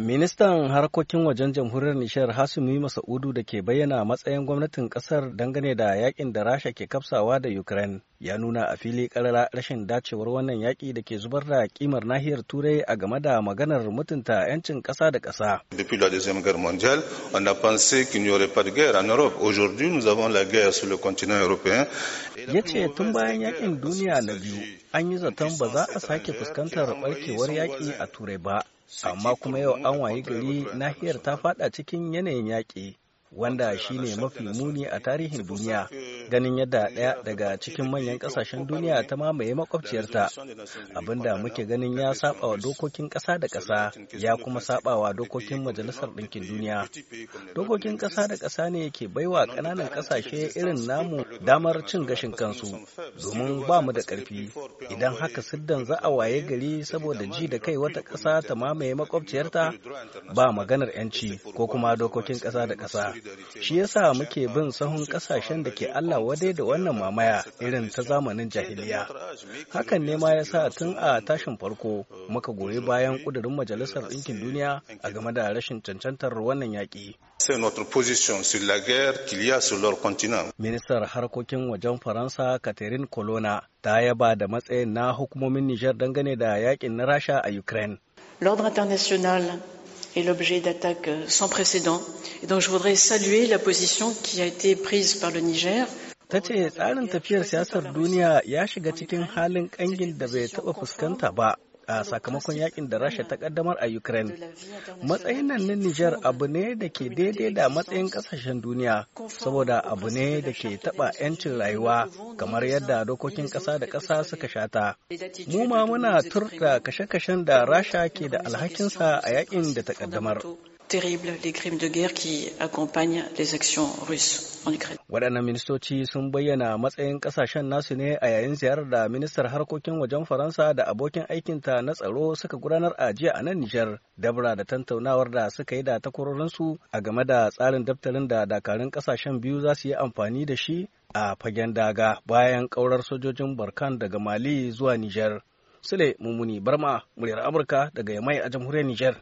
Ministan harkokin wajen jamhuriyar Nishar Hasumi Masa'udu da ke bayyana matsayin gwamnatin kasar dangane da yakin da Rasha ke kafsawa da Ukraine ya nuna a fili karara rashin dacewar wannan yaki da ke zubar da kimar nahiyar Turai a game da maganar mutunta 'yancin ƙasa da ƙasa. Depuis la Deuxième Ya ce tun bayan yakin duniya na biyu, an yi zaton ba za a sake fuskantar barkewar yaki a Turai ba. amma kuma yau an wayi gari nahiyar ta fada cikin yanayin yaƙi wanda shine mafi muni a tarihin duniya ganin yadda ɗaya daga cikin manyan ƙasashen duniya ta mamaye makwabciyarta abinda muke ganin ya saba wa dokokin ƙasa da ƙasa ya kuma saba wa dokokin majalisar ɗinkin duniya dokokin ƙasa da ƙasa ne ke baiwa ƙananan ƙasashe irin namu damar cin gashin kansu domin ba mu da ƙarfi idan haka siddan za a waye gari saboda ji da kai wata ƙasa ta mamaye makwabciyarta ba maganar 'yanci ko kuma dokokin ƙasa da ƙasa shi yasa muke bin sahun ƙasashen da ke Allah Allah wadai da wannan mamaya irin ta zamanin jahiliya. Hakan ne ma ya sa tun a tashin farko muka goyi bayan ƙudurin Majalisar Ɗinkin Duniya a game da rashin cancantar wannan yaƙi. Ministar harkokin wajen Faransa Catherine Colonna ta yaba da matsayin na hukumomin Nijar dangane da yaƙin na Rasha a Ukraine. L'ordre international est l'objet d'attaques euh, sans précédent. Et donc je voudrais saluer la position qui a été prise par le Niger. a sakamakon yakin da rasha ta kaddamar a ukraine matsayin nan na niger abu ne da ke daidai da matsayin kasashen duniya saboda abu ne da ke taba 'yancin rayuwa kamar yadda dokokin kasa da kasa suka shata mu ma muna turta kashe-kashen da rasha ke da alhakinsa a yakin da ta kaddamar terribles, les crimes de guerre qui accompagnent les actions russes en Ukraine. Waɗannan ministoci sun bayyana matsayin ƙasashen nasu ne a yayin ziyarar da ministar harkokin wajen Faransa da abokin aikinta na tsaro suka gudanar a jiya a nan Nijar, dabra da tantaunawar da suka yi da takwarorinsu a game da tsarin daftarin da dakarun ƙasashen biyu za su yi amfani da shi a fagen daga bayan ƙaurar sojojin Barkan daga Mali zuwa Nijar. Sule Mumuni Barma, muryar Amurka daga Yamai a jamhuriyar Nijar.